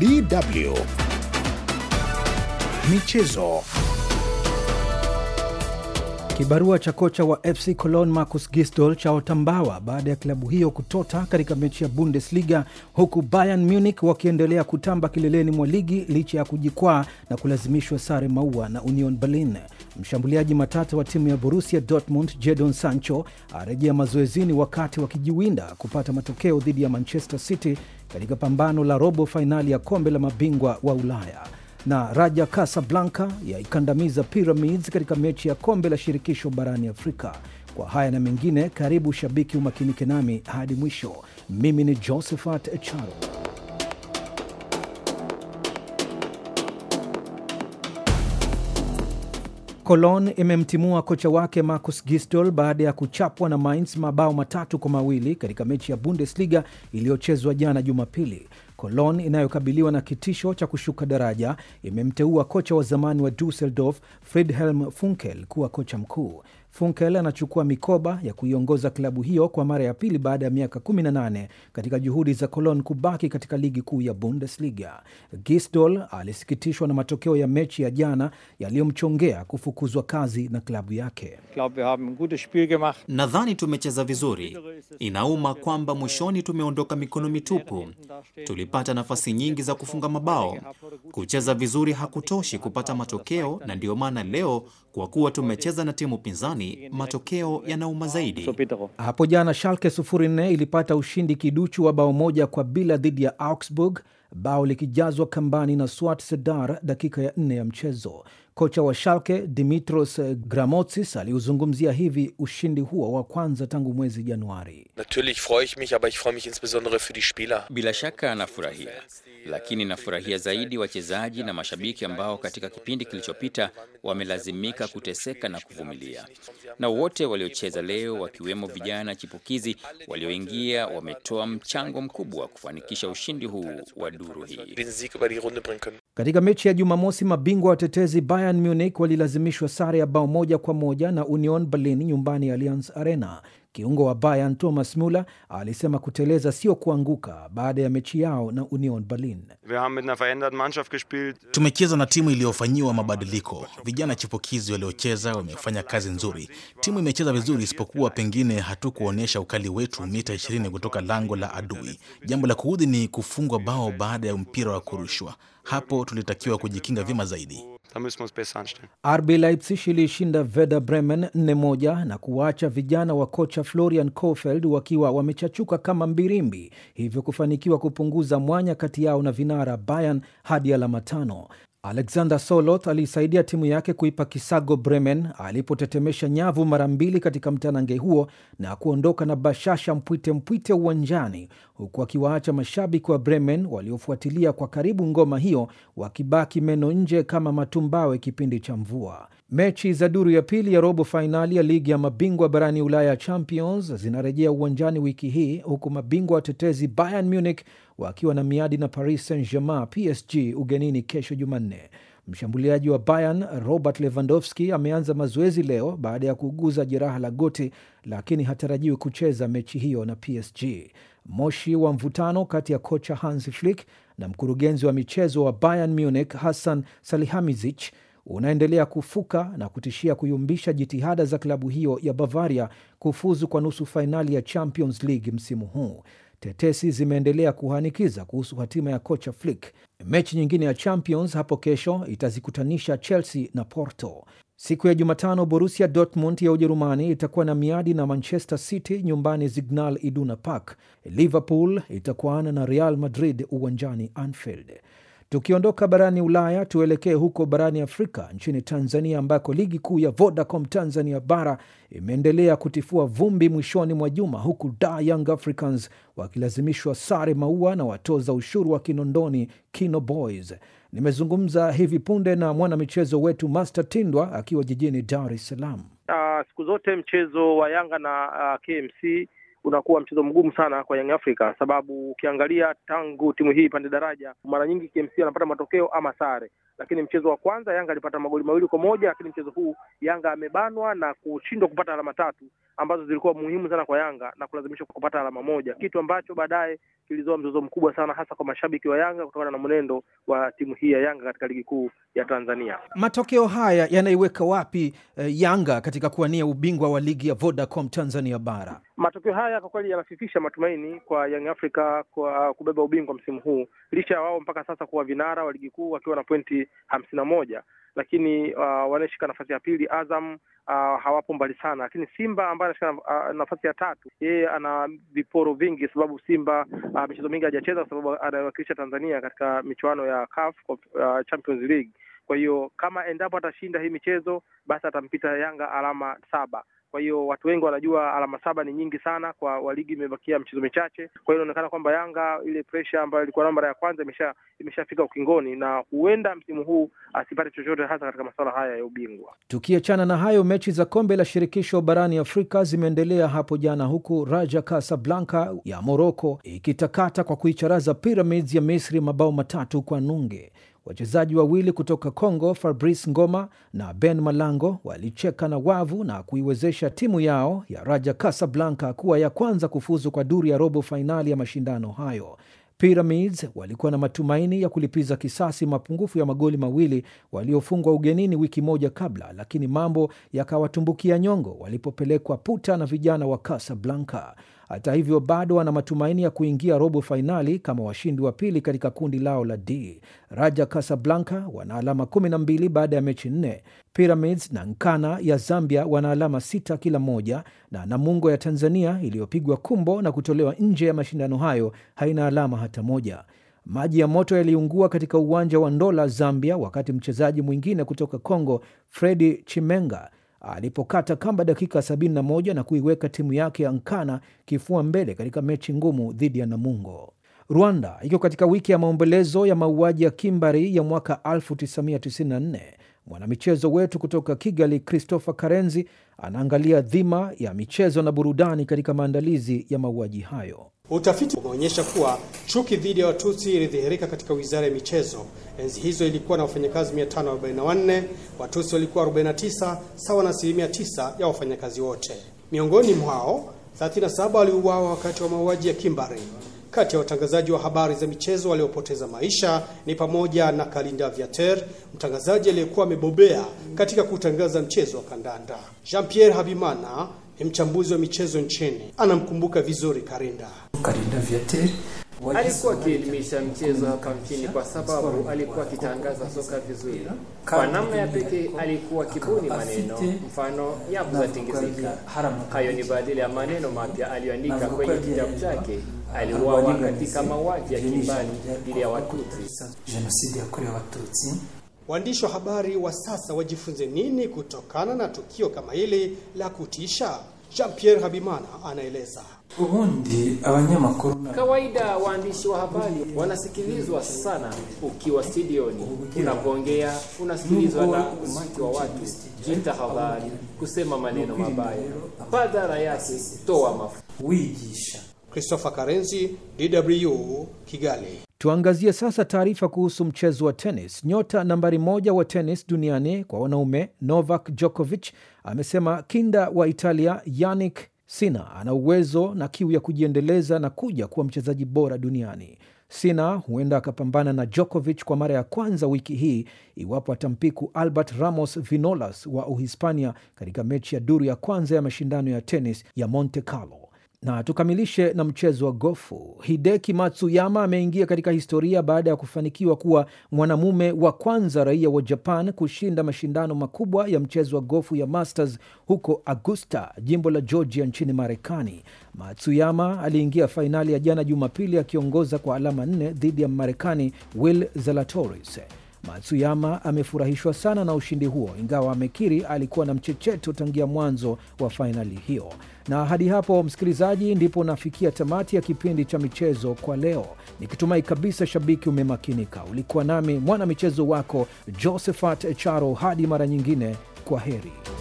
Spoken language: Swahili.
DW Michezo. Kibarua cha kocha wa FC Cologne Marcus Gisdol chaotambawa baada ya klabu hiyo kutota katika mechi ya Bundesliga, huku Bayern Munich wakiendelea kutamba kileleni mwa ligi licha ya kujikwaa na kulazimishwa sare maua na Union Berlin. Mshambuliaji matata wa timu ya Borussia Dortmund Jadon Sancho arejea mazoezini wakati wakijiwinda kupata matokeo dhidi ya Manchester City katika pambano la robo fainali ya kombe la mabingwa wa Ulaya na Raja Casablanca yaikandamiza Pyramids katika mechi ya kombe la shirikisho barani Afrika. Kwa haya na mengine, karibu shabiki, umakinike nami hadi mwisho. Mimi ni Josephat Charo. Cologne imemtimua kocha wake Marcus Gistol baada ya kuchapwa na Mainz mabao matatu kwa mawili katika mechi ya Bundesliga iliyochezwa jana Jumapili. Cologne inayokabiliwa na kitisho cha kushuka daraja imemteua kocha wa zamani wa Dusseldorf Friedhelm Funkel kuwa kocha mkuu. Funkel anachukua mikoba ya kuiongoza klabu hiyo kwa mara ya pili baada ya miaka 18 katika juhudi za Cologne kubaki katika ligi kuu ya Bundesliga. Gisdol alisikitishwa na matokeo ya mechi ya jana yaliyomchongea kufukuzwa kazi na klabu yake. Nadhani tumecheza vizuri, inauma kwamba mwishoni tumeondoka mikono mitupu. Tulipata nafasi nyingi za kufunga mabao, kucheza vizuri hakutoshi kupata matokeo, na ndiyo maana leo kwa kuwa tumecheza na timu pinzani, matokeo yanauma zaidi. Hapo jana Schalke 04 ilipata ushindi kiduchu wa bao moja kwa bila dhidi ya Augsburg bao likijazwa kambani na Swat Sedar dakika ya nne ya mchezo. Kocha wa shalke Dimitros gramotsis aliuzungumzia hivi ushindi huo wa kwanza tangu mwezi Januari. Bila shaka anafurahia lakini nafurahia zaidi wachezaji na mashabiki ambao katika kipindi kilichopita wamelazimika kuteseka na kuvumilia, na wote waliocheza leo, wakiwemo vijana chipukizi walioingia, wametoa mchango mkubwa kufanikisha ushindi huu wa duru hii. Katika mechi ya Jumamosi, mabingwa watetezi Bayern Munich walilazimishwa sare ya bao moja kwa moja na Union Berlin nyumbani ya Allianz Arena. Kiungo wa Bayern Thomas Muller alisema kuteleza sio kuanguka baada ya mechi yao na Union Berlin. Tumecheza na timu iliyofanyiwa mabadiliko. Vijana chipukizi waliocheza wamefanya kazi nzuri, timu imecheza vizuri, isipokuwa pengine hatukuonyesha ukali wetu mita 20 kutoka lango la adui. Jambo la kuudhi ni kufungwa bao baada ya mpira wa kurushwa, hapo tulitakiwa kujikinga vyema zaidi. Da müssen wir uns besser anstellen. RB Leipzig iliishinda Werder Bremen 4 moja na kuwaacha vijana wa kocha Florian Kofeld wakiwa wamechachuka kama mbirimbi, hivyo kufanikiwa kupunguza mwanya kati yao na vinara Bayern hadi alama tano. Alexander soloth aliisaidia timu yake kuipa kisago Bremen alipotetemesha nyavu mara mbili katika mtanange huo na kuondoka na bashasha mpwite mpwite uwanjani huku akiwaacha mashabiki wa Bremen waliofuatilia kwa karibu ngoma hiyo wakibaki meno nje kama matumbawe kipindi cha mvua. Mechi za duru ya pili ya robo fainali ya ligi ya mabingwa barani Ulaya Champions zinarejea uwanjani wiki hii huku mabingwa watetezi Bayern Munich wakiwa na miadi na Paris Saint-Germain PSG ugenini kesho Jumanne. Mshambuliaji wa Bayern Robert Lewandowski ameanza mazoezi leo baada ya kuuguza jeraha la goti, lakini hatarajiwi kucheza mechi hiyo na PSG. Moshi wa mvutano kati ya kocha Hansi Flick na mkurugenzi wa michezo wa Bayern Munich Hassan Salihamizich unaendelea kufuka na kutishia kuyumbisha jitihada za klabu hiyo ya Bavaria kufuzu kwa nusu fainali ya Champions League msimu huu. Tetesi zimeendelea kuhanikiza kuhusu hatima ya kocha Flick. Mechi nyingine ya Champions hapo kesho itazikutanisha Chelsea na Porto. Siku ya Jumatano, Borussia Dortmund ya Ujerumani itakuwa na miadi na Manchester City nyumbani Signal Iduna Park. Liverpool itakuana na Real Madrid uwanjani Anfield. Tukiondoka barani Ulaya, tuelekee huko barani Afrika, nchini Tanzania, ambako ligi kuu ya Vodacom Tanzania bara imeendelea kutifua vumbi mwishoni mwa juma, huku Da Young Africans wakilazimishwa sare maua na watoza ushuru wa Kinondoni, Kino Boys. Nimezungumza hivi punde na mwanamichezo wetu Master Tindwa akiwa jijini Dar es Salaam. Uh, siku zote mchezo wa Yanga na uh, ah, KMC unakuwa mchezo mgumu sana kwa Young Africa, sababu ukiangalia tangu timu hii ipande daraja, mara nyingi KMC anapata matokeo ama sare, lakini mchezo wa kwanza Yanga alipata magoli mawili kwa moja, lakini mchezo huu Yanga amebanwa na kushindwa kupata alama tatu ambazo zilikuwa muhimu sana kwa Yanga na kulazimishwa kupata alama moja, kitu ambacho baadaye kilizoa mzozo mkubwa sana hasa kwa mashabiki wa Yanga kutokana na mwenendo wa timu hii ya Yanga katika ligi kuu ya Tanzania. Matokeo haya yanaiweka wapi eh, Yanga katika kuwania ubingwa wa ligi ya Vodacom Tanzania Bara? Matokeo haya kwa kweli yanafifisha matumaini kwa Young Africa kwa kubeba ubingwa msimu huu, licha ya wao mpaka sasa kuwa vinara wa ligi kuu wakiwa na pointi hamsini na moja, lakini uh, wanaeshika nafasi ya pili Azam uh, hawapo mbali sana, lakini Simba ambaye Barca ah, nafasi ya tatu. Yeye ana viporo vingi, sababu Simba uh, michezo mingi hajacheza, kwa sababu anawakilisha Tanzania katika michuano ya CAF uh, Champions League. Kwa hiyo kama endapo atashinda hii michezo, basi atampita Yanga alama saba kwa hiyo watu wengi wanajua alama saba ni nyingi sana kwa waligi, imebakia mchezo michache. Kwa hiyo inaonekana kwamba Yanga ile presha ambayo ilikuwa nao mara ya kwanza imeshafika ukingoni, na huenda msimu huu asipate chochote, hasa katika masuala haya ya ubingwa. Tukiachana na hayo, mechi za kombe la shirikisho barani Afrika zimeendelea hapo jana, huku Raja Casablanca ya Moroko ikitakata kwa kuicharaza Pyramids ya Misri mabao matatu kwa nunge. Wachezaji wawili kutoka Congo, Fabrice Ngoma na Ben Malango, walicheka na wavu na kuiwezesha timu yao ya Raja Casablanca kuwa ya kwanza kufuzu kwa duru ya robo fainali ya mashindano hayo. Pyramids walikuwa na matumaini ya kulipiza kisasi mapungufu ya magoli mawili waliofungwa ugenini wiki moja kabla, lakini mambo yakawatumbukia nyongo walipopelekwa puta na vijana wa Casablanca. Hata hivyo, bado wana matumaini ya kuingia robo fainali kama washindi wa pili katika kundi lao la D. Raja Casablanca wana alama 12 baada ya mechi nne. Pyramids na Nkana ya Zambia wana alama sita kila moja, na Namungo ya Tanzania iliyopigwa kumbo na kutolewa nje ya mashindano hayo haina alama hata moja. Maji ya moto yaliungua katika uwanja wa Ndola, Zambia, wakati mchezaji mwingine kutoka Kongo, Fredi Chimenga, alipokata kamba dakika 71 na kuiweka timu yake ya Nkana kifua mbele katika mechi ngumu dhidi ya Namungo. Rwanda iko katika wiki ya maombolezo ya mauaji ya kimbari ya mwaka 1994. Mwanamichezo wetu kutoka Kigali, Christopher Karenzi, anaangalia dhima ya michezo na burudani katika maandalizi ya mauaji hayo. Utafiti umeonyesha kuwa chuki dhidi ya Watusi ilidhihirika katika wizara ya michezo. Enzi hizo ilikuwa na wafanyakazi 544, Watusi walikuwa 49, sawa na asilimia 9 ya wafanyakazi wote. Miongoni mwao 37 waliuawa wakati wa mauaji ya kimbari. Kati ya watangazaji wa habari za michezo waliopoteza maisha ni pamoja na Kalinda viater mtangazaji aliyekuwa amebobea katika kutangaza mchezo wa kandanda. Jean Pierre Habimana ni mchambuzi wa michezo nchini, anamkumbuka vizuri Karinda. Karinda Viateur alikuwa akielimisha mchezo hapa nchini kwa sababu alikuwa akitangaza soka vizuri kwa namna ya pekee. Alikuwa kibuni maneno mfano tingizika. Hayo ni badili ya maneno mapya aliyoandika kwenye kitabu chake. Aliuawa katika mauaji ya kimbali dhidi ya Watutsi, yakorewe Watutsi. Waandishi wa habari wa sasa wajifunze nini kutokana na tukio kama hili la kutisha? Jean Pierre Habimana anaeleza. Ubundi abanyamakuru, kawaida waandishi wa habari wanasikilizwa sana. Ukiwa studioni unapoongea, unasikilizwa na umati wa watu. Jitahadhari kusema maneno mabaya, badala yake toa mafunzo. Wigisha. Christopher Karenzi, DW, Kigali. Tuangazie sasa taarifa kuhusu mchezo wa tenis. Nyota nambari moja wa tenis duniani kwa wanaume Novak Djokovic amesema kinda wa Italia Yannick Sinner ana uwezo na kiu ya kujiendeleza na kuja kuwa mchezaji bora duniani. Sinner huenda akapambana na Djokovic kwa mara ya kwanza wiki hii iwapo atampiku Albert Ramos Vinolas wa Uhispania katika mechi ya duru ya kwanza ya mashindano ya tenis ya Monte Carlo. Na tukamilishe na mchezo wa gofu. Hideki Matsuyama ameingia katika historia baada ya kufanikiwa kuwa mwanamume wa kwanza raia wa Japan kushinda mashindano makubwa ya mchezo wa gofu ya Masters huko Augusta, jimbo la Georgia nchini Marekani. Matsuyama aliingia fainali ya jana Jumapili akiongoza kwa alama nne dhidi ya Marekani Will zelatoris Matsuyama amefurahishwa sana na ushindi huo, ingawa amekiri alikuwa na mchecheto tangia mwanzo wa fainali hiyo. Na hadi hapo, msikilizaji, ndipo nafikia tamati ya kipindi cha michezo kwa leo, nikitumai kabisa shabiki umemakinika. Ulikuwa nami mwana michezo wako Josephat Charo. Hadi mara nyingine, kwa heri.